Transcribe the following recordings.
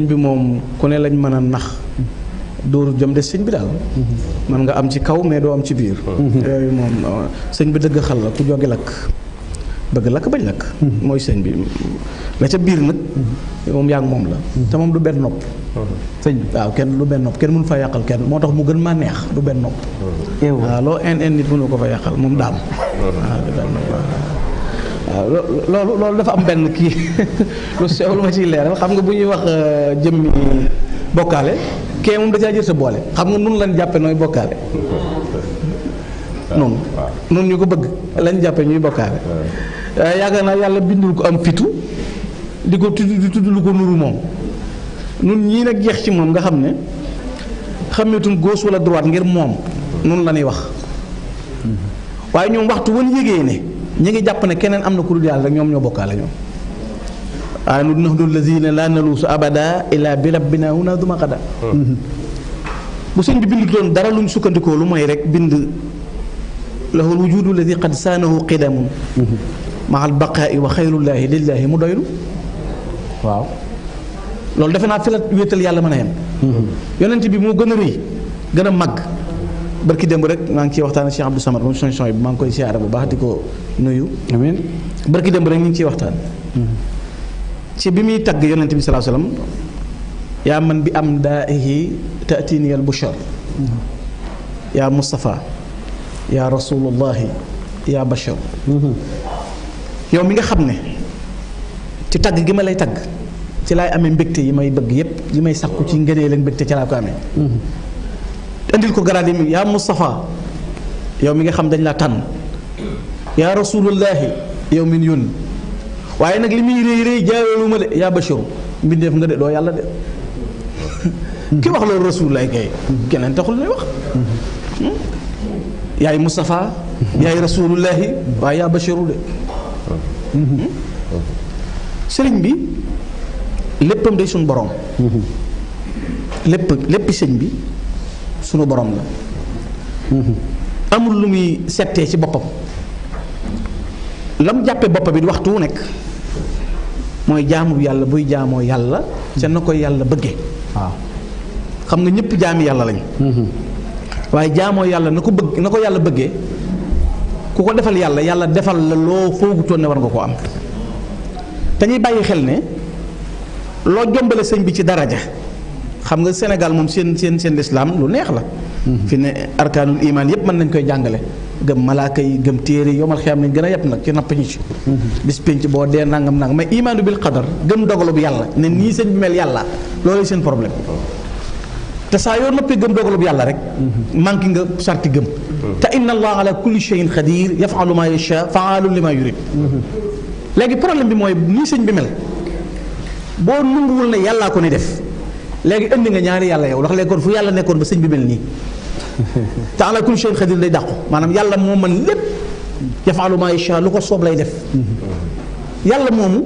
sëñ bi moom ku ne lañ mën a nax dóoru jëm de sëñ bi daal man nga am ci kaw mais doo am ci biir yooyu moom sëñ bi dëgg xal la ku joge lakk bëgg lakk bañ lakk mooy sëñ bi la ca biir nag moom yaa ngi moom la te moom du benn nopp sëñ bi waaw kenn du benn nopp kenn mënu fa yàqal kenn moo tax mu gën maa neex du benn nopp waaw loo en en nit mënu ko fa yàqal moom daam waaw loolu loolu dafa am benn kii lu sew lu ma ciy leeral xam nga bu ñuy wax euh, jëmmi bokkaale kee moom da caa jël sa boole xam nga nun lañ jàppe nooy bokkaale noonu nun ñu ko bëgg lañ jàppee ñuy bokkaale euh, yaakaar naa yàlla bindul ko am fitu di ko tudd di tudd lu ko nuru moom nun ñii nag jeex ci moom nga xam ne xameetuñ gos wala droite ngir moom nun la ñuy wax waaye ñoom waxtu woon yégee ne ñi ngi jàpp ne keneen am na ku dul yàlla ñoom ñoo bokkaale ñoom waaye nu nax dul lazina laa naluusu abada illa bi rabbina huna duma xada bu sëñ bi bind doon dara luñ sukkandikoo lu mooy rek bind lahul wujudu ladi qad saanahu qidamun mahal baqaa'i wa xayrullaahi lillaahi mu doylu waaw loolu defe naa fi la wéetal yàlla mën a yem mm-hmm. yonent bi moo gën a rëy gën a màgg barki démb rek maa ngi ciy waxtaan ak Cheikh Abdou Samad moom son yi maa ngi koy siyaara bu baax di ko nuyu. amiin barki rek ñu ngi ciy waxtaan. ci bi muy tagg yonent bi sallallahu alayhi wasallam yaa man bi am daahi taatini al bushar yaa Moustapha yaa rasulullahi yaa Bachar. nga xam ne ci tagg gi ma lay tagg ci laay amee mbégte yi may bëgg yépp yi may sakku ci ngëneel la mbégte ci laa ko amee. indil ko garaat yi mi yaa Moustapha yow mi nga xam dañ la tànn yaa rasulullahi yow min yónni waaye nag li muy réy réy jaareelu ma de yaa Bachiru mbindeef nga de doo yàlla de ki wax loolu rasulullahi kay keneen taxul lay wax hmm? yaay Moustapha yaay rasulullahi waaye yaa Bachiru de hmm? sëriñ bi léppam day suñ borom hmm. lépp lépp sëñ bi sunu borom la amul lu muy settee ci boppam lam jàppee boppam it waxtu wu nekk mooy jaamu yàlla buy jaamoo yàlla ca na ko yàlla bëgge waaw xam nga ñëpp jaami yàlla lañ mm-hmm. waaye jaamoo yàlla na ko bëgg na ko yàlla bëgge ku ko defal yàlla yàlla defal la loo foogutoon ne war nga koo am dañuy bàyyi xel ne loo jombale sëñ bi ci daraja xam nga Sénégal moom seen seen seen lislaam lu neex la. Mhm. fi ne arkaanul imaan yëpp mën nañ koy jàngale. gëm malaaka yi gëm téere yomal xiyaam nañ gën a yëpp nag ci napp ñi ci. Mhm. bis penc boo dee nangam nangam mais imaanu bil qadar gëm dogalu bu yàlla ne nii sëñ bi mel yàlla loolu seen problème. te saa yoo noppee gëm dogalu bu yàlla rek. Mhm. manqué nga sarti gëm. te inna allah ala kulli shay'in qadir yafalu ma yasha faalun lima yurid. léegi problème bi mooy nii sëñ bi mel boo nanguwul ne yàllaa ko ni def. léegi indi nga ñaari yàlla yow ndax léegi fu yàlla nekkoon ba sëñ bi mel nii te ala kulli shay'in xadir day dàqu maanaam yàlla moo mën lépp yafaalu maa yashaa lu ko soob lay def mm-hmm. yàlla moomu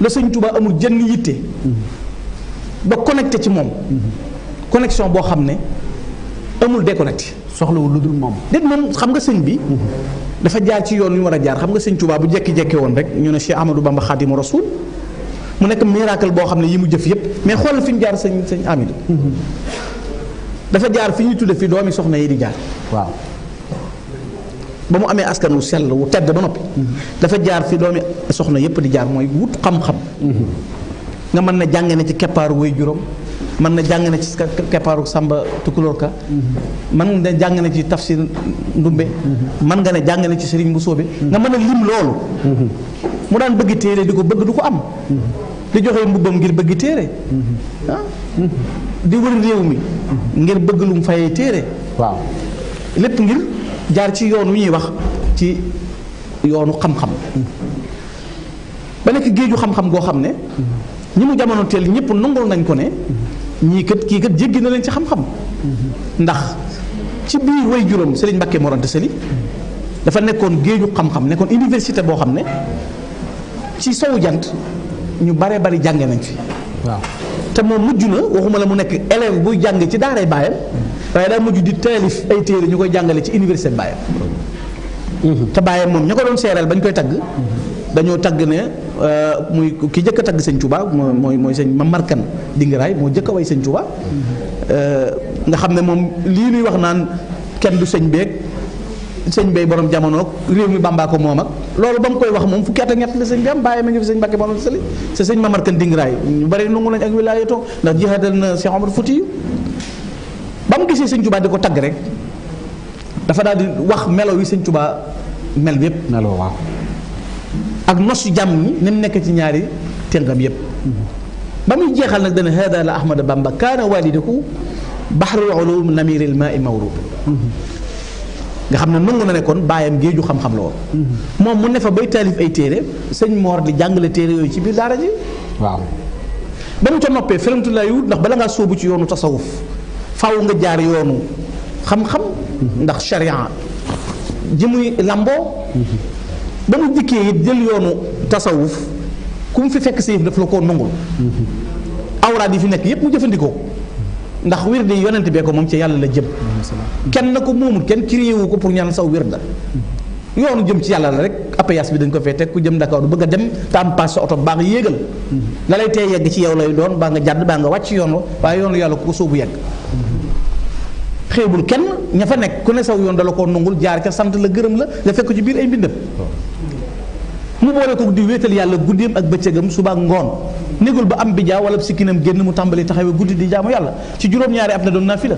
la sëñ Tuubaa amul jënn yitte mm-hmm. ba connecté ci moom mm-hmm. connexion boo xam ne amul déconnecté soxlawul lu dul moom déet moom xam nga sëñ bi dafa jaar ci yoon yu war a jaar xam nga sëñ Tuubaa bu jekki-jekki woon rek ñu ne Cheikh Ahmadou Bamba Xaadimu Rasuul mu nekk miracle boo xam ne yi mu jëf yëpp mais xoolal fi ñu jaar sëñ sëñ Amidou dafa jaar fi ñuy tudde fi doomi soxna yi di jaar waaw ba mu amee askan wu sell wu tedd ba noppi dafa jaar fi doomi soxna yëpp di jaar mooy wut xam-xam nga mën na jàng na ci keppaaru way juróom mën na jàng na ci keppaaru sàmba tukulóor ka mën na jàng na ci tafsir ndumbe mën nga ne jàng na ci sëriñ bu soobe nga mën a lim loolu mu daan bëgg téere di ko bëgg du ko am di joxe mbubbam ngir bëgg téere ah. di wër réew mi ngir bëgg lu mu fayee téere waaw lépp ngir jaar ci yoon wi ñuy wax ci yoonu xam-xam ba nekk géeju xam-xam goo xam ne ñi mu jamono teel ñëpp nangul nañ ko ne ñii kat kii kat jéggi na leen ci xam-xam ndax ci biir way juróom Serigne Mbacké Mor Anta Sali dafa nekkoon géeju xam-xam nekkoon université boo xam ne ci sowu jant ñu bare bari jànge nañ fi waaw te moom mujj na waxuma la mu nekk élève buy jàng ci daaray baayam waaye daa mujj di taalif ay téere ñu koy jàngale ci université baayam mhm. te baayam moom ña ko doon seeral bañ koy tagg mhm. dañoo tagg ne euh, muy ki jëkk a tagg sëñ Touba mooy mooy sëñ ma Kan Dingaraay moo jëkk a way sañ Touba mhm. euh, nga xam ne moom lii nuy wax naan kenn du sëñ béeg sëñ bay borom jamonoog réew mi bàmbaa ko moom ak loolu ba mu koy wax moom fukki at ak ñett la sëñ bi am bàyyi ma ngi fi sëñ Mbàkke sa sëñ Mamar Kan Dingaraay ñu bari nangu nañ ak wilaayatoo ndax jihaadal na Cheikh Omar Fouti yu ba mu gisee sëñ Tuubaa di ko tagg rek dafa daal di wax melo yi sëñ Tuubaa mel yépp melo waaw ak nosu jàmm ñi ni nekk ci ñaari tënkam yépp ba muy jeexal nag dana haada la Ahmada Bamba kaana walidaku bahrul ulum namiril i mawrub nga xam ne nangu na ne kon baayam géeju xam-xam la woon. Mhm. moom mu ne fa bay taalif ay téere sëñ Mor di jàngale téere yooyu ci biir daara ji. waaw ba mu ca noppee ferentulaay wut ndax bala ngaa sóobu ci yoonu tasawuf faaw nga jaar yoonu xam-xam. Mhm. ndax sharia ji muy lamboo. Mhm. ba mu dikkee it jël yoonu tasawuf ku mu fi fekk sa yëf daf la koo nangul. awraad yi fi nekk yépp mu jëfandikoo. ndax wird yi yonent bee ko moom ci yàlla la jëm kenn na ko moomul kenn ci wu ko pour ñaan saw wird da yoonu jëm ci yàlla la rek appayas bi dañ ko fee teg ku jëm Dakar du bëgg a dem te am paas sa oto baa yéegal la lay tee yegg ci yow lay doon baa nga jàdd baa nga wàcc yoon waaye yoonu yàlla ku ko sóobu yegg xeebul kenn ña fa nekk ku ne saw yoon dala koo nungul jaar ca sant la gërëm la nga fekk ci biir ay mbindam mu boole ko di wéetal yàlla guddeem ak bëccëgam suba ak ngoon négul ba am bijaa wala sikkinam génn mu tàmbali taxawee guddi di jaamu yàlla ci juróom-ñaari at la na ko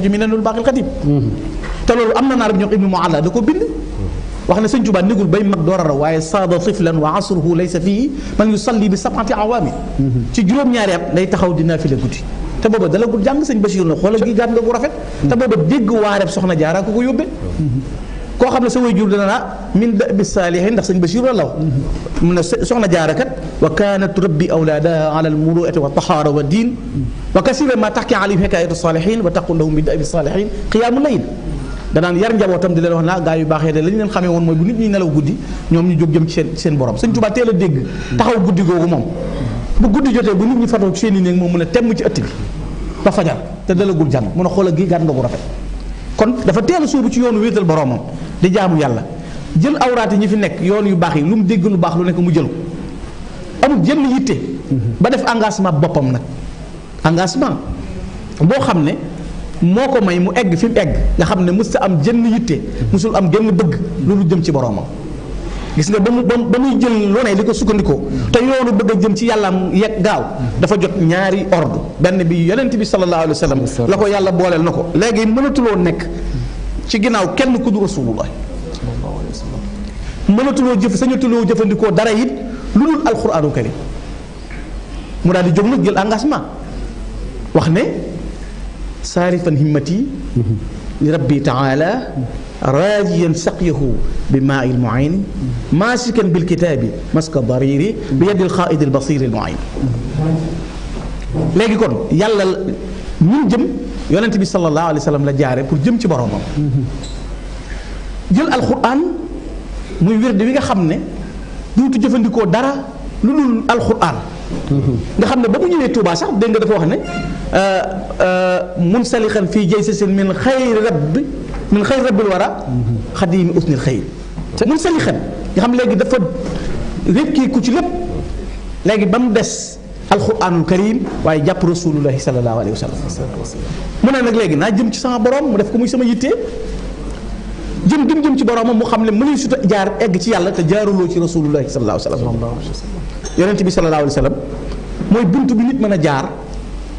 ci Minanul Baaqil Qadiim te loolu am na naar bi ñoom Ibnu Mualla da a raw waaye saada tiflan day taxaw di naafila guddi te booba dalagul jàng sëñ Bachir na xoolal gi gaat nga bu rafet te booba dégg waareb soxna jaaraa ko ko yóbbee koo xam ne sa waajur dana naa min da bi saalihin ndax sëñ Bachir la law mun ne soxna jaara kat wa kaanat turabbi awlaadaha ala al muruati wa tahaara wa diin wa kasira ma taxki alayhim hikayatu saalihin wa taqul lahum bi da bi saalihin qiyaamu layl danaan yar njabootam wax naa gaa yu baaxee de la leen xamee woon mooy bu nit ñi nelaw guddi ñoom ñu jóg jëm ci seen seen borom sëñ Tuubaa teel a dégg taxaw guddi googu moom bu guddi jotee bu nit ñi fatoo ci seen i néeg moom mun a temm ci ëtt bi ba fajar te dalagul jàng mun a xool a gi gàtt nga ko rafet kon dafa teel a sóobu ci yoonu wéetal boromam di jaamu yàlla jël awraat yi ñu fi nekk yoon yu baax yi lu mu dégg lu baax lu nekk mu jël ko amul yitte mhm. ba def engagement boppam nag engagement boo xam ne moo ko may mu egg fi mu egg nga xam ne mës ta am jën yitte mhm. musul am génn bëgg mu jëm ci boroomam gis nga ba mu ba muy jël lu ne li ko sukkandikoo mhm. te yoonu bëgg a jëm ci yàlla yegg gaaw dafa jot ñaari ordre benn bi yonent bi sallallahu alayhi wa sallam yàlla booleel na ko léegi mënatuloo nekk ci ginnaaw kenn ku du rasulullah mënatuloo jëf sañatuloo jëfandikoo dara it lu dul alquranu karim mu daal di jóg nag jël engagement wax ne saarifan himmati li rabbi taala raajiyan saqyahu bi maa il muayn maasikan bil kitaabi maska dariri bi yadi alqaaidi albasiri almuayn léegi kon yàlla ñun jëm yonent bi sallallahu alayhi wa sallam la jaare pour jëm ci boroomam jël alxuraan muy wirde wi nga xam ne duutu jëfandikoo dara lu dul alxuraan nga xam ne ba mu ñëwee Touba sax dégg nga dafa wax ne euh, euh, munsalixan fii jay seen min xayri rabbi min xayri rabbil wara xadimi usnil xayr munsalixan nga xam léegi dafa répp ci lépp léegi ba mu des alquranul karim waaye jàpp rasulullahi salallahu alayhi wa sallam mu ne nag léegi naa jëm ci sama boroom mu def ko muy sama yittee jëm jëm jëm ci boromam mu xam ne mënuñ suta jaar egg ci yàlla te jaaruloo ci rasulullahi salallahu alayhi wa sallam yonent bi salallahu alayhi wa sallam mooy bunt bi nit mën a jaar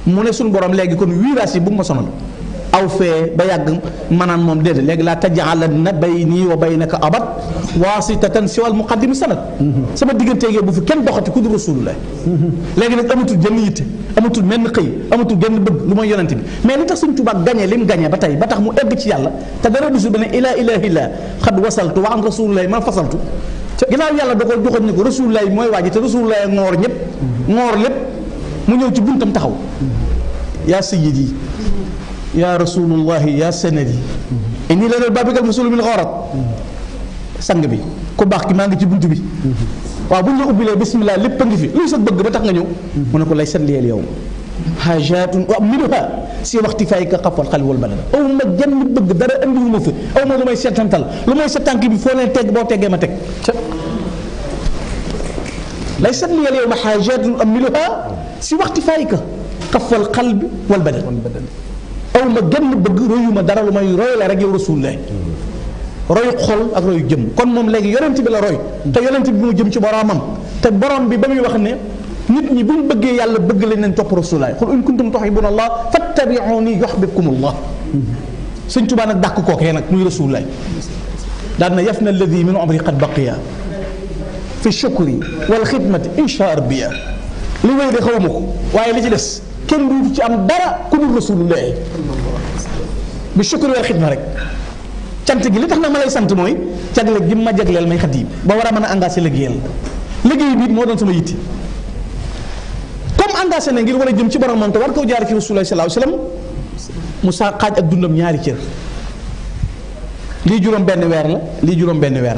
mu ne suñu borom léegi kon virage yi bu mu ma sonal aw fee ba yàgg maanaam moom déedéet léegi laa tajaalanna baynii bay baynaka abad waasitatan siwal muqaddimi sanad sama digganteeg yow bu fi kenn doxati ku du rasulullah léegi nag amatul jënn yitte amatul menn xëy amatul genn bëgg lu mooy yonente bi mais li tax suñ Tuubaa gañee li mu gañee ba tey ba tax mu egg ci yàlla te dara du si ba ne ilaa ilaahillah xad wasaltu wa an rasulullah man fasaltu ginnaaw yàlla da ko joxoon ne ko rasulullah mooy waa ji te rasulullah ngoor ñëpp ngoor lépp mu ñëw ci buntam taxaw yaa sayyidi yaa rasulullahi yaa sanadi indi la leen babikal musulu bil xoorat sang bi ku baax ki maa ngi ci bunt bi waaw bu ñu la ubbilee bismillah lépp a ngi fi luy sa bëgg ba tax nga ñëw mu ne ko lay sat liyeel yow hajatun wa minuha si waxti fay ka xapal xali wal balad aw ma jenn bëgg dara andiwu ma fi aw ma lu may seetantal lu may sa tànk bi foo leen teg boo teggee ma teg lay sat liyeel yow ma hajatun wa minuha si waxti fay ka xapal xal bi wal balad aw ma genn bëgg royu ma dara lu may roy la rek yow rasulullah royu xol ak royu jëm kon moom léegi yonent bi la roy te yonent bi mu jëm ci boroomam te borom bi ba muy wax ne nit ñi bu ñu bëggee yàlla bëgg lañ leen topp rasulaay xul in kuntum tuhibbuna allah fattabi'uni yuhbibkumullah sëñ Tuubaa nag dàq kookee nag muy rasulaay daan na yaf na alladi min umri qad baqiya fi shukri wal xidmati insha rabbiya li wéy de xawma ko waaye li ci des kenn du ci am dara ku dul rasulullah bi shukri wal xidma rek cant gi li tax na ma lay sant mooy jagleel gi ma jagleel may xadiim ba war a mën a engagé la liggéey bi moo doon sama yitti comme engagé na ngir war a jëm ci borom mante war koo jaar ci rasulullah sallallahu Musaa xaaj ak dundam ñaari cër lii juróom weer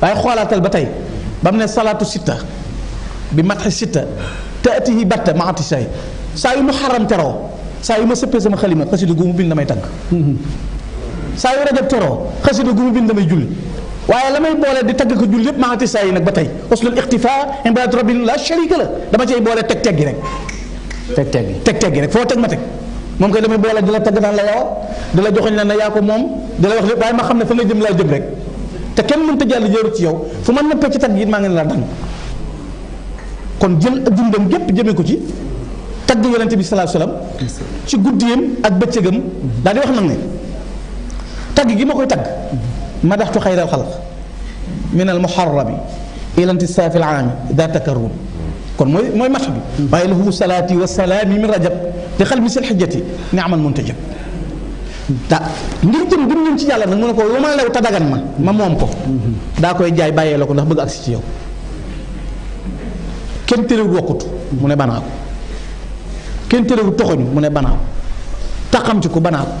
waaye xoolaatal ba tey ba mu ne salaatu sitta bi matxi sitta te atihi batta ma ati saa yu ma xaram teroo saa yu ma sëppee sama xalima xasida gu mu bind damay tagg saa yu rajab teroo xasida gu mu bind damay julli waaye lamay may boole di tagg ko julli yépp maa saa yi nag ba tey uslul iqtifa imbaat rabbil la sharika la dama cay boole teg teg gi rek teg teg gi teg teg rek foo teg ma teg moom koy damay boole di la tagg naan la yow di la joxoñ na yaa moom di wax lépp waaye ma xam ne fa nga jëm laa jëm rek te kenn mënta jàll jëru ci yow fu mën na pecc tagg yi maa ngi la dang kon jël dundam gépp jëmee ko ci tagg yonente bi salaa salaam ci guddiyam ak bëccëgam daal di wax nag ne tagg gi ma koy tagg madaxtu xayral xalq min al muharrami ila intisaafi al aami daa takarrum mooy mooy mat bi waaye lahu salaati wa salaami min rajab te xal bi sil xijjati ni amal muntajab da ngir jëm gëm ñun ci yàlla nag mu ne ko lu ma lew ta dagan ma ma moom ko daa koy jaay bàyyee la ko ndax bëgg agsi ci yow kenn téréwul wakkut mu ne banaa ko kenn terewul toxoñu mu ne banaa ko taxam ci ko banaa ko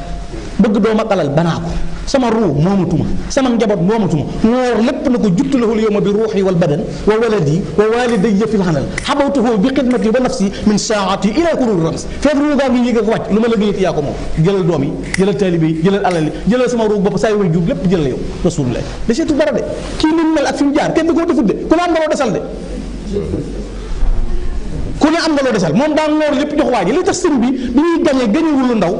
bëgg doom ak alal banaa ko sama ruu moomatuma sama njaboot moomatuma woor lépp na ko juttalahul yowma bi ruuxi wal wa waladi wa walidayya fil xanal xabawtuhu bi xidmati wa nafsi min saati ila kurul rams feet ruu gaa ngi ak wàcc lu ma la géyati yaa ko moom jëlal doom yi jëlal taalibe yi jëlal alal yi jëlal sama ruu bopp saa yi way jub lépp jëlal yow rasulullah da seetu bara de kii ni mel ak fi de ku de ku ne am nga loo desal moom daa noor lépp jox waa ji li tax sëñ bi bi ñuy gañee gañewul lu ndaw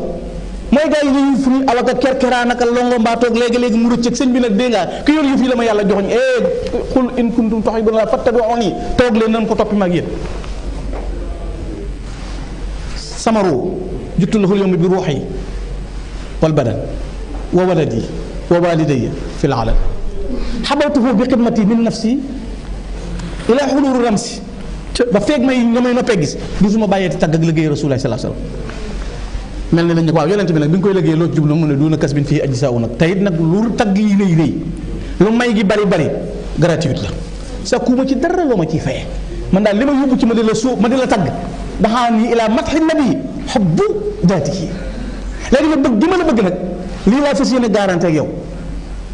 mooy gars yi dañuy ful awaka kerkeraan naka longo mbaatoog léegi-léegi mu rëcc ak sëñ bi nag dégg nga ki yor yëf yi la ma yàlla joxoñ eh xul in kuntum tuhibbuna fattabi'uni toog leen ko toppi mag yéen sama ruu juttu lahul bi ruuxi wal badan wa waladi wa walidayya fil alam bi xidmati min nafsi ila xuluuru ramsi ba feeg may nga may noppee gis gisuma bàyyeeti tàgg ak liggéey rasulaay salaa salaam mel ni lañ ne waaw yonent bi nag bi nga koy liggéey loo jublu mu ne duuna kas bin fii aji saa nag tey nag lu tagg yi rëy rëy lu may gi bari bari gratuite la sa kuuma ci dara loo ma ciy fayee man daal li ma yóbbu ci ma di la sóob ma di la tagg daxaa nii ilaa matxi nabi xobbu daati yi léegi ma bëgg gi ma la bëgg nag lii laa fas yéene garanti yow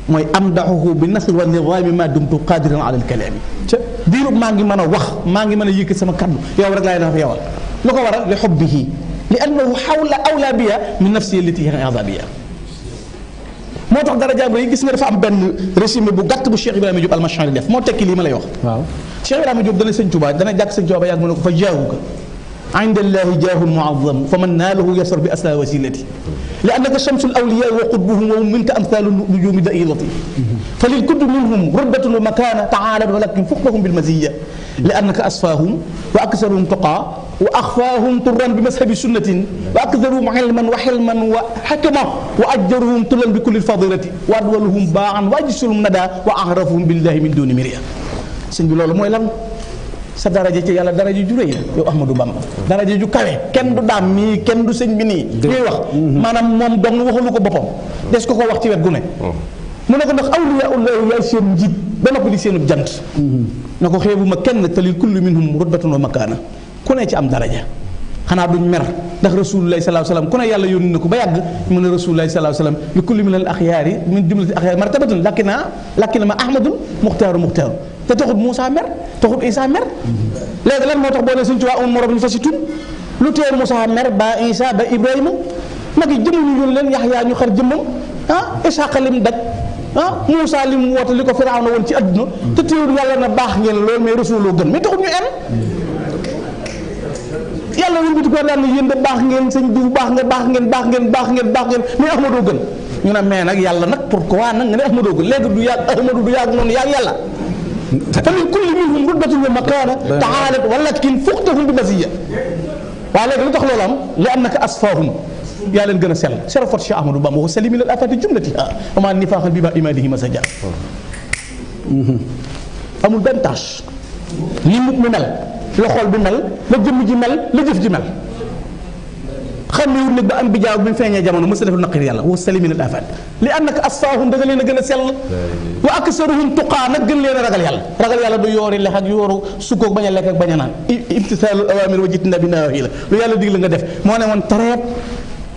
mooy am daxuhu bi nasr wa nidaami ma dumtu qadiran ala alkalaami diirub maa ngi mën a wax maa ngi mën a yëkkat sama kaddu yow rek laay dafa yowal lu ko waral li xubbihi li annahu xawla awla biya min nafsi allati hiya azabiya moo tax daraja bi gis nga dafa am benn résumé bu gàtt bu Cheikh Ibrahima Diop almachari def moo tekki lii ma lay wax. waaw Cheikh Ibrahima Diop dana sëñ Tuubaa dana jàkk sëñ Tuubaa yàgg mu ne ko fa jaahu ka عند الله جاه معظم فمن ناله يسر بأسلى وسيلتي لأنك شمس الأولياء وقطبهم ومنك أمثال النجوم دائرتي فللكل منهم رتبة ومكانة تعالى ولكن فوقهم بالمزية لأنك أصفاهم وأكثرهم تقى وأخفاهم طرا بمذهب سنة وأكثرهم علما وحلما وحكمة وأجرهم طلا بكل الفضيلة وأدولهم باعا وأجسرهم ندى وأعرفهم بالله من دون مريا سنجي لولو موي sa daraja ci yàlla daraja ju rëy la yow Ahmadou Bamba daraja ju kawe kenn du daam mii kenn du sëñ bi nii ñuy wax mhm. maanaam moom dong waxalu ko boppam des ko ko wax ci wet gu ne oh. mu ne ko ndax awliyaa ullahi yaay seen njiit ba noppi di seenub jant mhm. na ko xeebuma kenn talil kullu minhum rutbatun wa makaana ku ne ci am daraja xanaa duñ mer ndax rasulullahi salaa salaam ku ne yàlla yónni ko ba yàgg mu ne rasulullahi salaa salaam li kulli min al axyaari min jumlati axyaari martabatun lakki naa na ma ahmadun muxtaaru muxtaaru te taxut Moussa mer taxut Isa mer léegi lan moo tax boo suñ tuwaa amul morom ñu fa si tun lu tee Moussa mer ba Isa ba Ibrahima nag yi jëmm ñu yónni leen Yaxya ñu xar jëmmam ah Isaaq lim daj ah Moussa lim woote li ko Firawna woon ci àdduna te teewul yàlla na baax ngeen loolu mais rasuloo gën mais taxut ñu en yàlla wul biti ko daan ngeen sëñ diw baax nga baax ngeen baax ngeen baax ngeen baax ngeen mais Ahmadoo ñu ne mais nag yàlla nag pourquoi nag nga ne Ahmadoo gën léegi du yàgg Ahmadou du yàgg noonu yàgg yàlla فمن كل منهم رتبة ومكانة تعالت ولكن فقتهم بمزية waaye léegi lu tax loolu am li am naka asfaahum yaa leen gën a sell sharafat Cheikh Ahmadou Bamba wa salimi lil afati jumlatiha wa ma nifaaxan bi ba imadihi masaja amul benn tâche ni nit mu mel la xol bi mel la jëmm ji mel la jëf ji mel xamewul nag ba am bi jaaw bi mu feeñee jamono mësa def lu naqir yàlla wa leen a gën a sell wa aksaruhum tuqaa nag gën leen lekk a naan imtisaalu awaamir wa la lu yàlla dig nga def moo ne woon tareet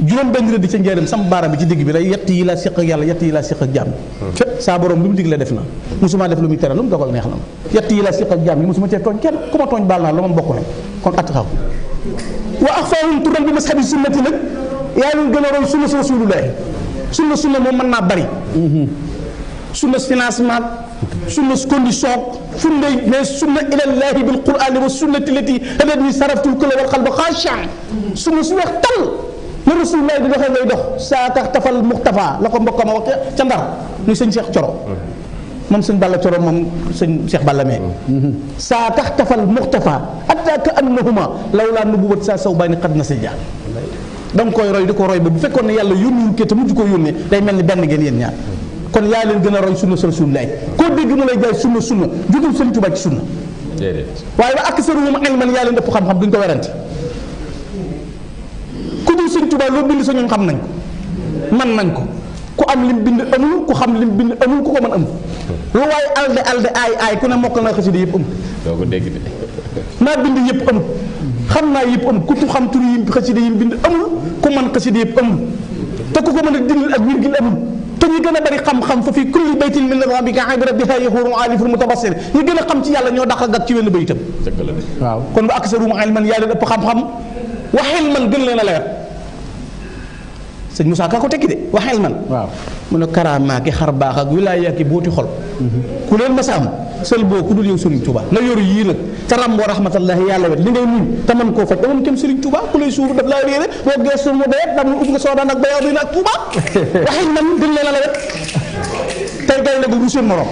juróom benn rëdd sama baaraam bi ci digg bi la yett yi laa seq ak yàlla yett yi laa seq ak jaam yi def na mosuma muy tere lu mu dogal neex na ma yett yi laa seq ak jaam yi mosuma cee tooñ kenn ku ma tooñ baal naa lu ma mbokk kon att xaw wa axfaahum turan bi mashabi sunnati nag yaa ngi gën a roy sunna rasulullah sunna sunna moom mën naa bari sunna financement sunna condition sunna mais sunna ilallahi bil qur'ani wa sunnati lati hadatni saraftul kulla wal qalba xaashan sunna su wax tal na rasulullah di doxee ngay dox saa tax tafal muxtafa la ko mbokk ma wax ca ndar muy sëñ Cheikh Coro moom sëñ Balla Coro moom sëñ Cheikh Balla me saa tax tafal muxtafa atta ka annahuma lawlaa nubuwat saa saw bàyyi ni xat na si jaar da nga koy roy di ko roy ba bu fekkoon ne yàlla yónniwul kii te mujj ko yónnee day mel ni benn ngeen yéen ñaar kon yaa leen gën a roy sunna sa rasulilaay koo dégg mu lay jaay sunna sunna jógul sëñ Tuubaa ci sunna waaye ba aksaruhum ilman yaa leen dëpp xam-xam duñ ko werante ku dul sëñ Tuubaa loo bind sa ñoom xam nañ ko man nañ ko ku am lim bind amul ku xam lim bind amul ku ko mën lu waaye alde alde aay aay ku ne mokkal naa xasida yëpp am. doo ko dégg de. naa bind yëpp am. xam naa yëpp am ku tu xam tur yi xasida yi bind amul ku mën xasida yëpp amul te ku ko mën a dindil ak wirgil amul te ñi gën a bari xam-xam fa fi kulli baytin min rabbika ibra biha yahuru aliful mutabassir ñi gën a xam ci yàlla ñoo daq a gàtt ci wenn baytam waaw kon ba aksaruhum ilman yaa leen ëpp xam-xam wa ilman gën leen a leer sëñ Moussa Ka ko tekki de waxeel man. waaw mu ne karaamaa ki xar baax ak wilaaya ki booti xol. Mhm. ku leen ma saam sël boo ku dul yow Serigne Touba na yoru yii nag te ràmboo rahmatullahi yàlla wet li ngay muñ te man koo faj amoon kenn Serigne Touba ku lay suuf daf laa réere boo gees suuf mu doyat dam uf nga soodaan ak bayaw bi nag Touba waxeel man gën leen a la wet tey gaynde gu rusul morom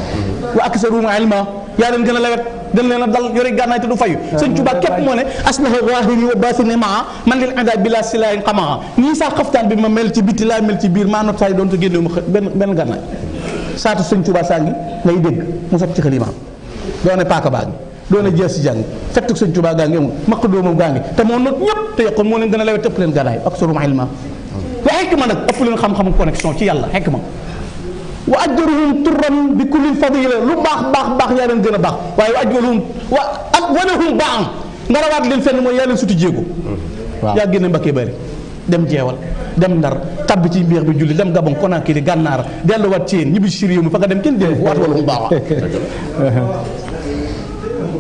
wa aksaruhum ilma yaa leen gën a lewet gën leen a dal yore gànnaay te du fayu sëñ képp moo ne aslahu zahiri wa baatini maa man lil ada bila silahin xamaa nii saa xaftaan bi ma mel ci biti laa mel ci biir maa not saay doon te mu sab ci xalimaam doone paaka baa ngi doone jees si jàng fettuk sëñ gaa ngi amul maq doomam gaa ngi te moo not ñëpp te yokkoon moo leen gën a lewet ëpp leen gànnaay ak sorum ilma wa xekk ma nag ëpp leen xam-xamu connexion ci yàlla xekk ma wa ajruhum turran bi kulli fadila lu baax baax baax yaa leen gën a baax waaye wa ajruhum wa ak wanahum ba am nga rawaat leen fenn mooy yaa leen suti jéego waaw yaa génne mbakkee bari dem jeewal dem ndar tabb ci mbiix bi julli dem gabon Conakry gànnaar delluwaat ceen ñibbi si réew mi fa nga dem kenn dén waat wala mu baax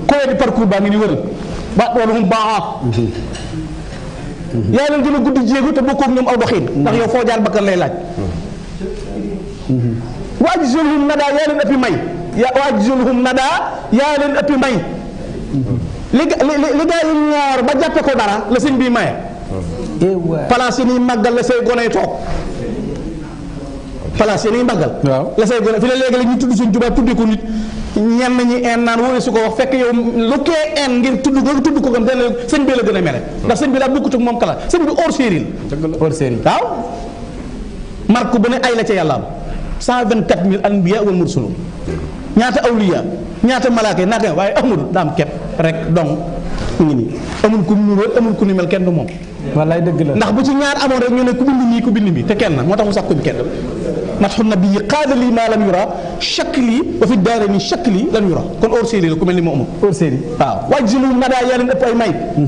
kowe di parcours baa ngi ni wëral waat wala mu baax yaa leen gën a guddi jéego te bokkoo ak ñoom aw doxiin ndax yow foo jaar bakkan lay laaj wa ajzulhum nada yaa leen ëppi may ya wa ajzulhum nada yaa leen ëppi may li li gaa yi ñoor ba jàppe ko dara la sëñ bi maye palaas yi niy màggal la say gone toog palaas yi niy màggal la say gone fi ne léegi la ñuy tudd sëñ Tuubaa tudde ko nit ñenn ñi en naan wóore su ko wax fekk yow lu kee en ngir tudd ko tudd ko gën dana sëñ bi la gën a ndax sëñ bi daa bokkut ak moom kala sëñ bi hors série la hors série waaw marque bu ne ay la ca yàlla 124 mille anbiya wal mursalun ñaata ñaata malaaka naata waaye amul daam kepp rek donc mu ngi nii amul ku mu nuróo amul ku ni mel kenn du moom. dëgg la ndax bu ci ñaar amoon rek ñu ne ku bind nii ku bind bi te kenn moo tax mu sax ko bi kenn. matxu nabi yi qaada lii maa lam yura shakli wa fi daare ni shakli lam yura kon hors série la ku mel ni moo amul. hors mhm.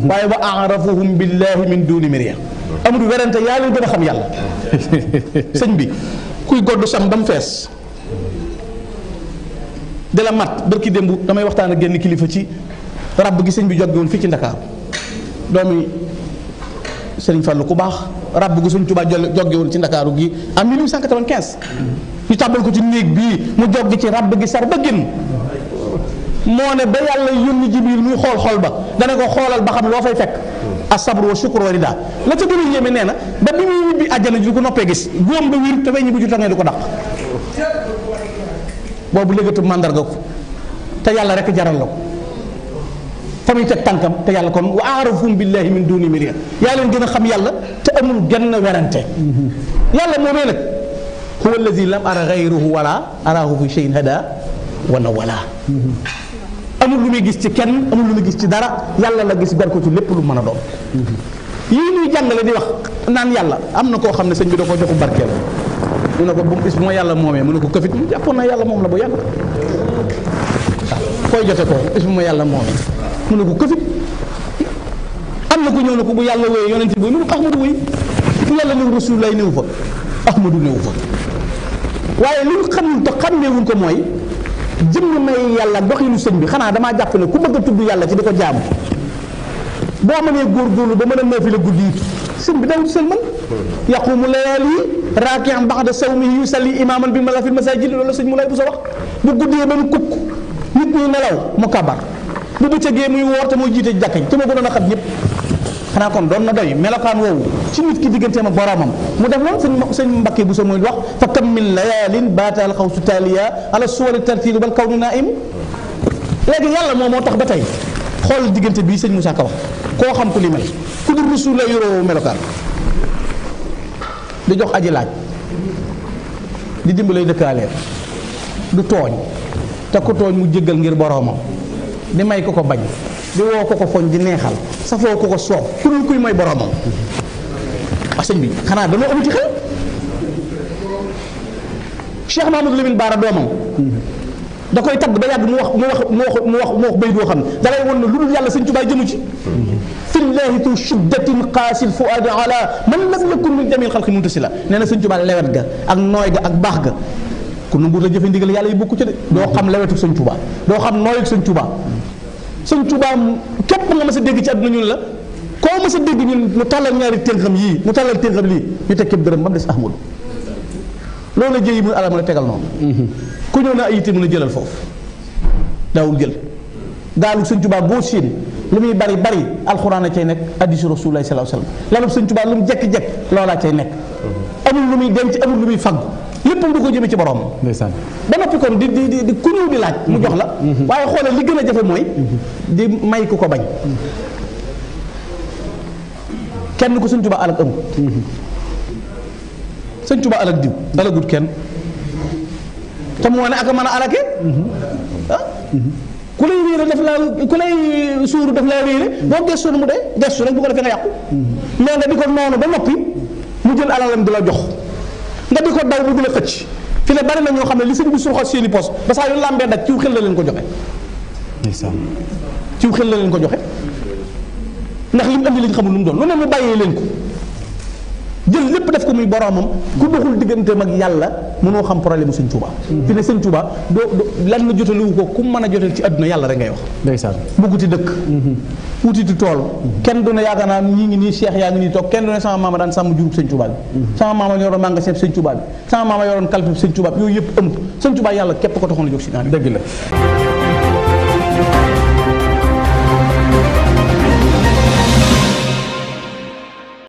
waaye wa arafuhum billahi min duuni miriya amul werante yaa leen gën a xam yàlla sëñ bi. kuy goddu sam ba mu fees di la mat bërki démb damay waxtaan ak genn kilifa ci ràbb gi sëñ bi joggi fii ci Ndakaaru doomi sëriñ Fallu ku baax rab gi sëñ Tuubaa joggi woon ci Ndakaaru gi en 1895 ñu tàbbal ko ci néeg bii mu joggi ci rab gi sar ba génn moo ne ba yàlla yónni Jibril muy xool xool ba dana ko xoolal ba xam loo fay fekk asabru wa shukru wa rida la ca gën a yéeme nee na ba bi muy ñibbi àjjana ji ko noppee gis góom ba wiir te weñ bu ju tangee di ko dàq boobu légatu màndarga ko te yàlla rek jaral la ko fa muy tànkam te yàlla kon wa aarafum billahi min duni miria yaa leen gën a xam yàlla te amul genn werante yàlla moomee nag huwa alladi lam ara gayruhu fi cheyin hada wa nawala amul lu muy gis ci kenn amul lu muy gis ci dara yàlla la gis ber ko lépp lu mën a doon yii ñuy jàngale di wax naan yàlla am na koo xam ne sëñ bi doo ko joxu barkeel mu ne ko bu bis yàlla moomee mu ne ko këfit mu jàppoon na yàlla bu yàlla jote ko bu ma yàlla moomee mu ne ko ah, këfit am na ko ñëw ne ko bu yàlla wéyee yonent bi mu ne ko ahmadu wéy yàlla néew rasul lay néew fa ahmadu néew fa waaye lu ñu xamul te xàmmeewuñ ko mooy jëmm may yàlla doxinu sëñ bi xanaa damaa jàpp ne ku bëgg a tudd yàlla ci di ko jaamu boo mënee góorgóorlu ba mën a nafila guddi yi sëñ bi dawul sëlmal yaqumu layaali raakian baxda sawmi yusalli imaaman bi ma la fi masajid loolu sëñ mu lay bu sa wax bu guddee ba mu kukk nit ñi nelaw mu kabar bu bëccëgee muy woor te moo jiite jàkkañ te ma gënoon a xam ñëpp xanaa kon doon na doy melokaan woowu ci nit ki digganteem ak boromam mu def loolu sëñ sëñ Mbakke bu sa muy wax fa kam min layaalin baataal xaw su taaliya ala suwari tartiilu bal kaw ni naa im léegi yàlla moom moo tax ba tey xool diggante bii sëñ Moussa Ka wax koo xam ku li mel ku dul rasul la yoroo melokaan di jox aji laaj di dimbalay dëkkaaleen du tooñ te ku tooñ mu jéggal ngir boromam di may ko ko bañ di woo ko ko foñ di neexal safoo ko ko soob ku dul kuy mooy boromam a sëñ bi xanaa dañoo amati xel Cheikh Mahamadou Lamine Baara doomam da koy tagg ba yàgg mu wax mu wax mu wax mu wax mu wax bay boo xam ne da lay won ne lu dul yàlla sëñ Tuubaa jëmu ci fillahi tu shiddatin qaasil fuaad ala man lam yakun min jamil xalqi muntasila nee na sëñ Tuubaa lewet ga ak nooy ga ak baax ga ku nanguut a jëfe ndigal la yi bokku ci de doo xam lewetu sëñ Tuubaa doo xam nooyuk sëñ sëñ Tuubaa képp nga mës a dégg ci àdduna ñun la koo mës sa dégg ñun mu tàllal ñaari tënkam yii mu tàllal tënkam lii ñu teg képp dërëm ba mu des Ahmadu loolu la jéyi mu alal mën a tegal noonu mhm. ku ñëw naa ay yitte mën a jëlal foofu daawul jël gaalu sëñ Tuubaa boo siin lu muy bari bari alxuraan a cay nekk hadiisu Rasuulullaahi sallallaahu alayhi wa sallam lalub sëñ Tuubaa lu mu jekk-jekk loolaa cay nekk mhm. amul lu muy ci amul lu muy fag léppam du ko jëmee ci borom. ndeysaan ba noppi kon di di di ku ñëw di laaj. mu jox la. Mm-hmm. Mm-hmm. waaye xoolal li gën a jafe mooy. Mm-hmm. di may ku ko bañ. kenn ku Sëñ Tuubaa alak amul. Sëñ Tuubaa alak diw kenn. te moo ne ak a mën a alake ah ku lay réere daf laa ku lay suuru daf laa réere boo gestu mu dee gestu rek bu ko defee nga yàqu. nee nga di noonu ba noppi mu jël alalam di la jox. nga di ko daw bu du la xëcc fi ne bari na ñoo xam ne li sëñ bi surxas seeni pos ba saa yu làmbee daj ciw xel la leen ko joxe ciw xel la leen ko joxe ndax li mu andi lañ xamul lu mu doon lu ne mu bàyyee leen ko jël lépp def ko muy boromam ku doxul digganteem ak yàlla mënoo xam problème mu sëñ Touba. fi ne sëñ Touba doo doo lan la jotaliwu ko ku mën a jotal ci àdduna yàlla rek ngay wax. ndeysaan bugguti dëkk. Mhm. wutiti tool. kenn du ne yaakaar naa ñii ngi nii Cheikh yaa ngi nii toog kenn du ne sama maama daan sàmm jurub sëñ Touba bi. Mhm. sama maama yoroon magasin sëñ Touba bi sama maama yoroon kalpe bi sëñ Touba bi yooyu yëpp ëmb sëñ Touba yàlla képp ko taxoon a jóg si naan dëgg la